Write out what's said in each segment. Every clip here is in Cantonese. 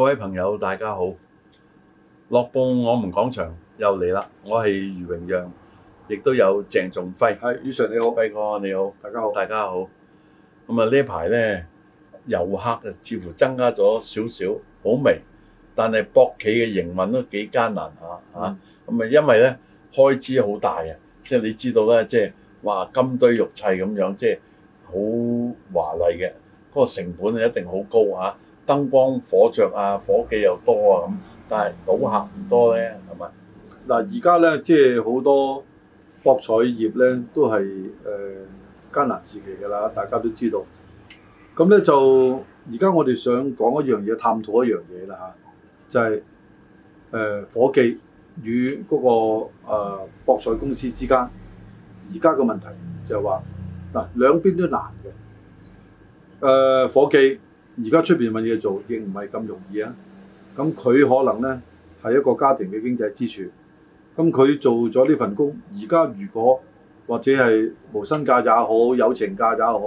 各位朋友，大家好！樂報我們講場又嚟啦，我係余榮陽，亦都有鄭仲輝。係，余 Sir 你好，輝哥你好，大家好，大家好。咁啊呢排咧，遊客似乎增加咗少少，好微，但係博企嘅營運都幾艱難下吓。咁、嗯、啊，因為咧開支好大啊，即係你知道咧，即係哇金堆玉砌咁樣，即係好華麗嘅，嗰、那個成本一定好高吓。啊燈光火著啊，夥計又多啊咁，但係賭客唔多咧、啊，係咪？嗱，而家咧即係好多博彩業咧都係誒、呃、艱難時期㗎啦，大家都知道。咁咧就而家我哋想講一樣嘢，探討一樣嘢啦吓，就係誒夥計與嗰、嗰個、呃、博彩公司之間而家嘅問題就係話嗱兩邊都難嘅誒夥計。呃夥計而家出邊揾嘢做亦唔係咁容易啊！咁佢可能呢，係一個家庭嘅經濟支柱，咁佢做咗呢份工，而家如果或者係無薪假也好，友情假也好，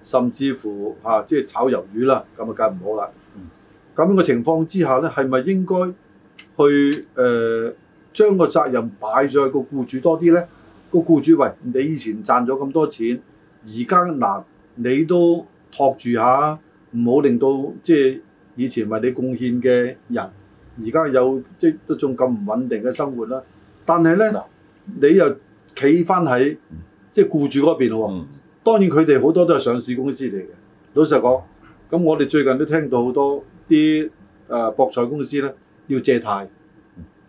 甚至乎嚇即係炒魷魚啦，咁啊梗唔好啦！咁、嗯、樣嘅情況之下呢係咪應該去誒將個責任擺在個僱主多啲呢？個僱主，喂，你以前賺咗咁多錢，而家嗱你都托住下。唔好令到即係以前為你貢獻嘅人，而家有即係都仲咁唔穩定嘅生活啦。但係呢，你又企翻喺即係僱主嗰邊咯。嗯、當然佢哋好多都係上市公司嚟嘅。老實講，咁我哋最近都聽到好多啲誒博彩公司呢要借貸，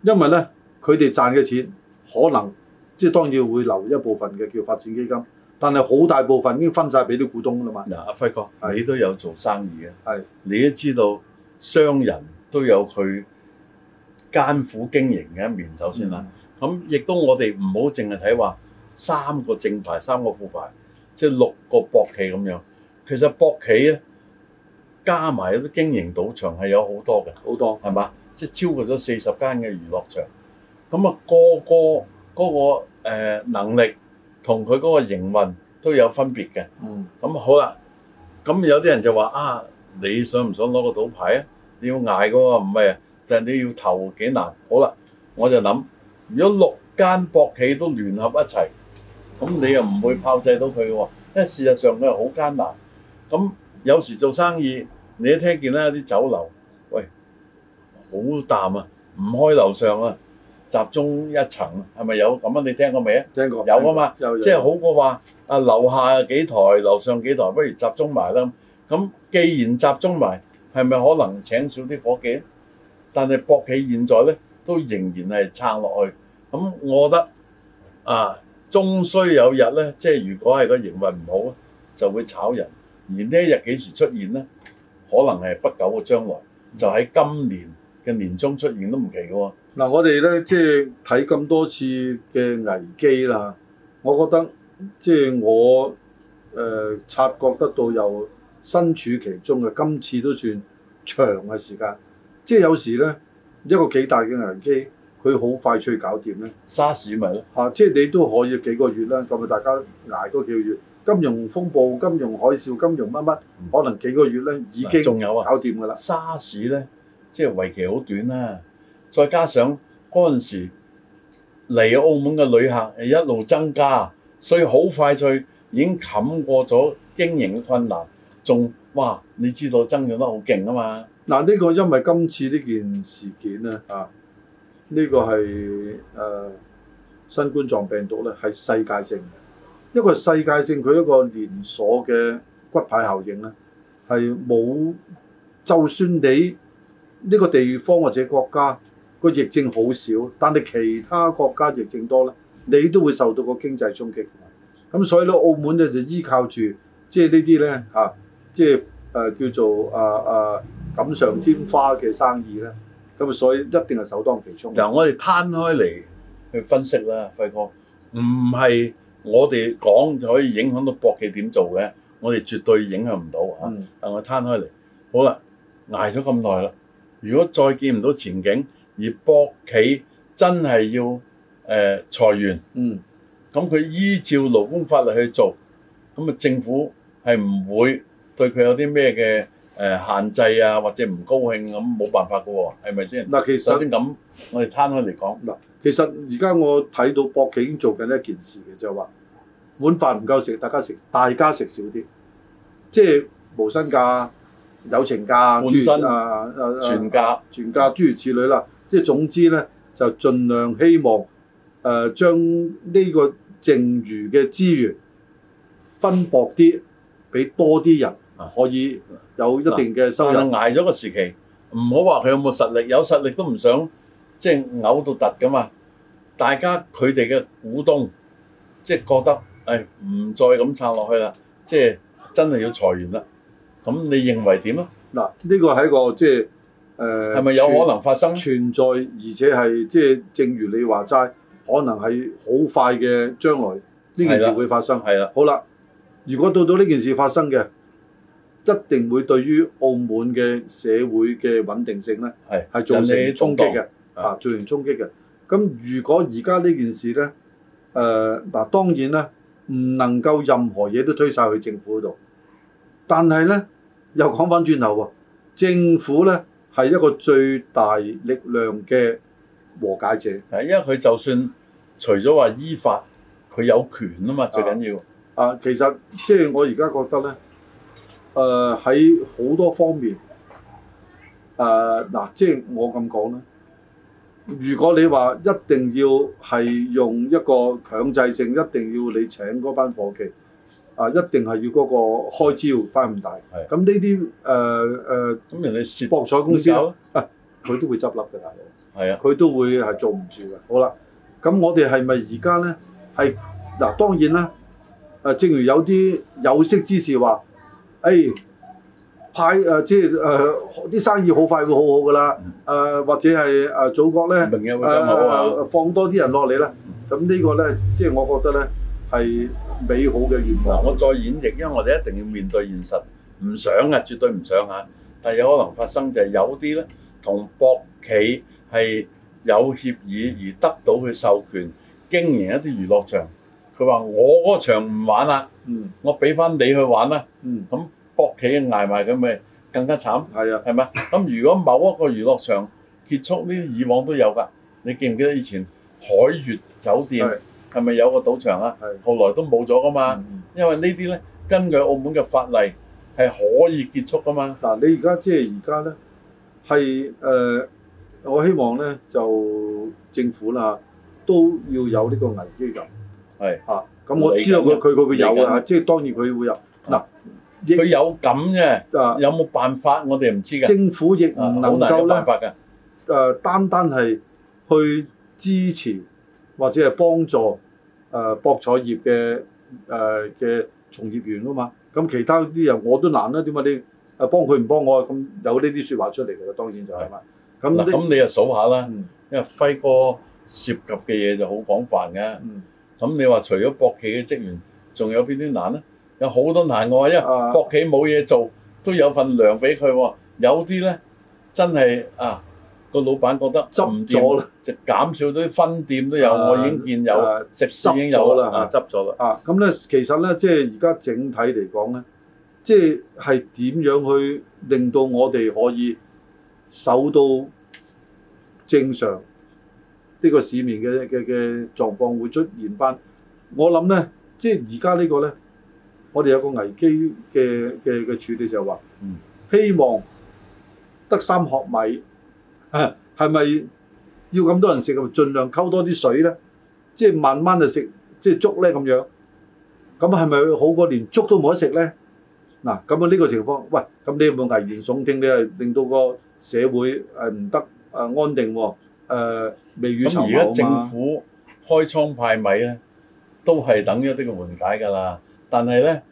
因為呢，佢哋賺嘅錢可能即係當然會留一部分嘅叫發展基金。但係好大部分已經分晒俾啲股東㗎啦嘛 yeah,、啊。嗱，阿輝哥，你都有做生意嘅。係，你都知道商人都有佢艱苦經營嘅一面，首先啦。咁亦、嗯、都我哋唔好淨係睇話三個正牌、三個副牌，即係六個博企咁樣。其實博企咧，加埋啲經營賭場係有好多嘅。好多係嘛？即係超過咗四十間嘅娛樂場。咁啊，個個嗰、嗰個、呃、能力。同佢嗰個營運都有分別嘅，咁、嗯、好啦。咁有啲人就話啊，你想唔想攞個賭牌啊？你要捱嘅喎，唔係啊，但、就、係、是、你要投幾難。好啦，我就諗，如果六間博企都聯合一齊，咁你又唔會炮製到佢喎，因為事實上佢又好艱難。咁有時做生意，你都聽見啦，啲酒樓，喂，好淡啊，唔開樓上啊。集中一層係咪有咁樣，你聽過未啊？聽過有啊嘛，即係好過話啊樓下幾台，樓上幾台，不如集中埋啦。咁既然集中埋，係咪可能請少啲伙計？但係博企現在呢，都仍然係撐落去。咁我覺得啊，終須有日呢，即係如果係個營運唔好，就會炒人。而呢一日幾時出現呢？可能係不久嘅將來，嗯、就喺今年嘅年中出現都唔奇嘅喎。嗱、啊，我哋咧即係睇咁多次嘅危機啦，我覺得即係我誒、呃、察覺得到又身處其中嘅今次都算長嘅時間，即係有時咧一個幾大嘅危機，佢好快脆搞掂咧，沙士咪咯嚇，即係你都可以幾個月啦，咁咪大家捱多幾個月。金融風暴、金融海嘯、金融乜乜，可能幾個月咧已經仲有啊，搞掂㗎啦。沙士咧即係為期好短啦、啊。再加上嗰陣、那個、時嚟澳門嘅旅客係一路增加，所以好快脆已經冚過咗經營嘅困難，仲哇！你知道增長得好勁啊嘛。嗱，呢個因為今次呢件事件咧，啊，呢、這個係誒、啊、新冠狀病毒咧係世界性嘅，一個世界性佢一個連鎖嘅骨牌效應咧係冇，就算你呢個地方或者國家。個疫症好少，但係其他國家疫症多咧，你都會受到個經濟衝擊。咁所以咧，澳門咧就依靠住即係呢啲咧嚇，即係誒、啊呃、叫做啊啊錦上添花嘅生意咧。咁啊，所以一定係首當其衝。嗱，我哋攤開嚟去分析啦，輝哥唔係我哋講就可以影響到博企點做嘅，我哋絕對影響唔到嚇。但我攤開嚟好啦，挨咗咁耐啦，如果再見唔到前景。而博企真係要誒、呃、裁員，嗯，咁佢依照勞工法例去做，咁啊政府係唔會對佢有啲咩嘅誒限制啊，或者唔高興咁冇辦法噶喎，係咪先？嗱，其實首先咁，我哋攤開嚟講，嗱，其實而家我睇到博企已經做緊一件事嘅，就話碗飯唔夠食，大家食，大家食少啲，即係無薪假、友情假身、啊薪家啊全假、全假諸如此類啦。嗯即係總之咧，就盡量希望誒、呃、將呢個剩餘嘅資源分薄啲，俾多啲人可以有一定嘅收入。啊、捱咗個時期，唔好話佢有冇實力，有實力都唔想即係嘔到突㗎嘛。大家佢哋嘅股東即係覺得誒唔、哎、再咁撐落去啦，即、就、係、是、真係要裁員啦。咁你認為點啊？嗱，呢個係一個即係。就是誒係咪有可能發生、呃、存、存在，而且係即係正如你話齋，可能係好快嘅將來呢件事會發生係啦。好啦，如果到到呢件事發生嘅，一定會對於澳門嘅社會嘅穩定性咧係係造成衝擊嘅啊，造成衝擊嘅。咁如果而家呢件事咧誒嗱，當然啦唔能夠任何嘢都推晒去政府度，但係咧又講翻轉頭喎，政府咧。係一個最大力量嘅和解者，啊，因為佢就算除咗話依法，佢有權啊嘛，最緊要啊，啊，其實即係我而家覺得咧，誒喺好多方面，誒、呃、嗱，即係我咁講啦，如果你話一定要係用一個強制性，一定要你請嗰班伙計。啊！一定係要嗰個開支會翻咁大，咁呢啲人哋博彩公司佢、啊、都會執笠嘅大佬，係啊的，佢都會係做唔住嘅。好啦，咁我哋係咪而家咧係嗱？當然啦，誒、啊、正如有啲有識之士話，誒、哎、派誒即係誒啲生意快好快、嗯啊、會好好噶啦，誒或者係誒祖國咧誒放多啲人落嚟咧，咁、嗯、呢個咧即係我覺得咧。係美好嘅願望，我再演繹，因為我哋一定要面對現實，唔想啊，絕對唔想吓。但係有可能發生就係有啲咧，同博企係有協議而得到佢授權經營一啲娛樂場。佢話我嗰場唔玩啦，嗯，我俾翻你去玩啦，嗯，咁博企挨埋咁咪更加慘，係啊，係咪？咁如果某一個娛樂場結束呢，以往都有㗎。你記唔記得以前海悅酒店？係咪有個賭場啦、啊？係是，後來都冇咗噶嘛。嗯、因為這些呢啲咧，根據澳門嘅法例係可以結束噶嘛。嗱，你而家即係而家咧，係誒、呃，我希望咧就政府啦都要有呢個危機感。係是啊，咁我知道佢佢佢會有啊，即係當然佢會有。嗱的，佢、啊就是、有咁嘅。啊，啊有冇、啊、辦法？我哋唔知㗎。政府亦唔能夠咧誒、啊啊，單單係去支持。或者係幫助誒、呃、博彩業嘅誒嘅從業員啊嘛，咁其他啲人我都難啦，點解你誒、啊、幫佢唔幫我？咁有呢啲説話出嚟嘅，當然就係嘛。咁咁你又數下啦，因為輝哥涉及嘅嘢就好廣泛嘅。咁、嗯、你話除咗博企嘅職員，仲有邊啲難咧？有好多難嘅喎，因為博企冇嘢做，都有份糧俾佢喎。有啲咧真係啊～個老闆覺得執咗啦，了就減少咗啲分店都有，啊、我已經見有，就是、食肆已經有啦，執咗啦。啊，咁咧了、啊、其實咧，即係而家整體嚟講咧，即係係點樣去令到我哋可以守到正常呢個市面嘅嘅嘅狀況會出現翻？我諗咧，即係而家呢個咧，我哋有個危機嘅嘅嘅處理就係話，嗯、希望得三學米。嚇係咪要咁多人食，儘量溝多啲水咧？即係慢慢就食，即係粥咧咁樣。咁係咪好過連粥都冇得食咧？嗱、啊，咁樣呢個情況，喂，咁你有冇危言聳聽？你係令到個社會係唔得啊安定喎、啊。誒、啊，未雨綢繆啊嘛。咁而家政府開倉派米咧，都係等一啲嘅緩解㗎啦。但係咧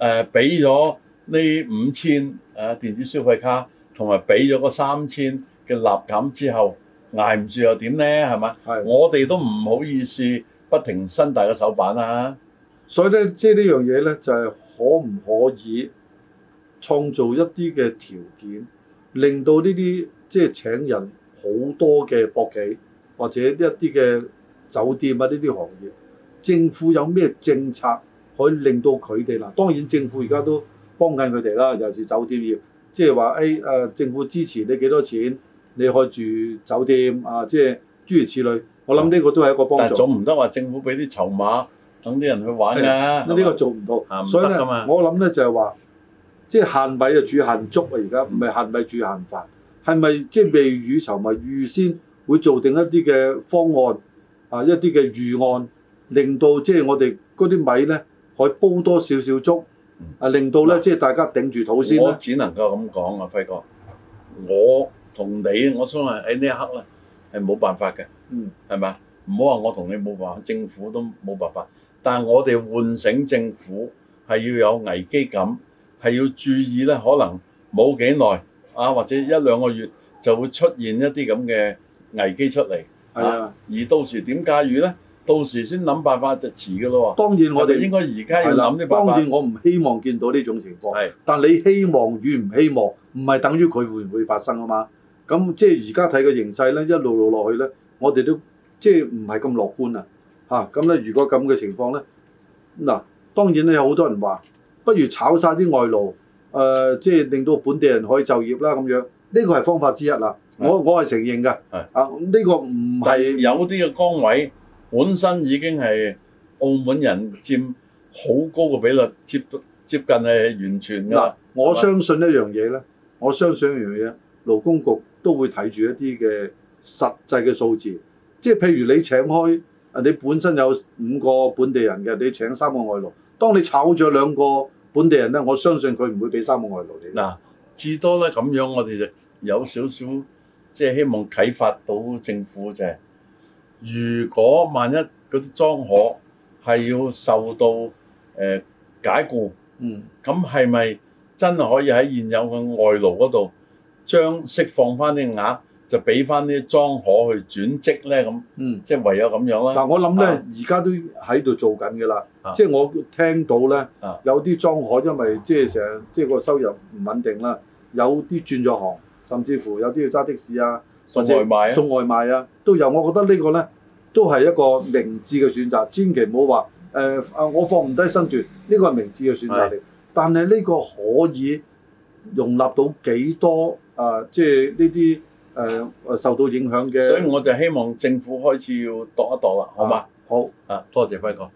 誒，俾咗呢五千誒電子消費卡，同埋俾咗個三千。嘅立減之後捱唔住又點呢？係嘛？係。我哋都唔好意思不停伸大個手板啦。所以咧，即係呢樣嘢咧，就係可唔可以創造一啲嘅條件，令到呢啲即係請人好多嘅博企或者一啲嘅酒店啊呢啲行業，政府有咩政策可以令到佢哋嗱？當然政府而家都幫緊佢哋啦，尤其是酒店業，即係話誒誒，政府支持你幾多錢？你可以住酒店啊，即、就、係、是、諸如此類。我諗呢個都係一個幫助。但係做唔得話政府俾啲籌碼，等啲人去玩㗎、啊。呢的吧個做唔到，行不行所以咧，我諗咧就係話，即係限米就煮限粥啊！而家唔係限米煮限飯，係咪、嗯、即係未雨綢繆預先會做定一啲嘅方案啊？一啲嘅預案，令到即係我哋嗰啲米咧可以煲多少少粥啊，嗯、令到咧即係大家頂住肚先、啊、我只能夠咁講啊，輝哥，我。同你，我相信喺呢一刻咧，係冇辦法嘅，嗯，係嘛？唔好話我同你冇辦法，政府都冇辦法。但係我哋喚醒政府係要有危機感，係要注意咧。可能冇幾耐啊，或者一兩個月就會出現一啲咁嘅危機出嚟。係、嗯、啊，而到時點解馭咧點駕馭？到時先諗辦法就遲㗎咯喎。當然我哋應該而家要諗啲辦法。當然我唔希望見到呢種情況。係，但你希望與唔希望，唔係等於佢會唔會發生啊嘛？咁即係而家睇個形勢咧，一路路落去咧，我哋都即係唔係咁樂觀啊！嚇咁咧，如果咁嘅情況咧，嗱、啊，當然咧有好多人話，不如炒晒啲外勞，誒、啊，即係令到本地人可以就業啦咁樣。呢個係方法之一啦是，我我係承認㗎。是啊，呢、呢個唔係有啲嘅崗位本身已經係澳門人佔好高嘅比率，接接近係完全嗱、啊吧，我相信一樣嘢咧，我相信一樣嘢，勞工局。都會睇住一啲嘅實際嘅數字，即係譬如你請開，你本身有五個本地人嘅，你請三個外勞。當你炒咗兩個本地人咧，我相信佢唔會俾三個外勞你。嗱，至多咧咁樣，我哋就有少少，即係希望啟發到政府就係，如果萬一嗰啲莊荷係要受到誒、呃、解雇，嗯，咁係咪真係可以喺現有嘅外勞嗰度？將釋放翻啲額，就俾翻啲莊荷去轉職咧咁，嗯嗯、即係唯有咁樣啦。但我諗咧，而家、啊、都喺度做緊嘅啦。啊、即係我聽到咧、啊，有啲莊荷因為即係成，即係個收入唔穩定啦，有啲轉咗行，甚至乎有啲要揸的士啊、送外賣啊、送外賣啊都有。我覺得呢個呢個咧都係一個明智嘅選擇，千祈唔好話誒誒，我放唔低身段，呢、呢個係明智嘅選擇嚟。啊、但係呢個可以容納到幾多？啊，即係呢啲誒受到影響嘅，所以我就希望政府開始要度一度啦，好嗎？啊、好，啊多謝輝哥。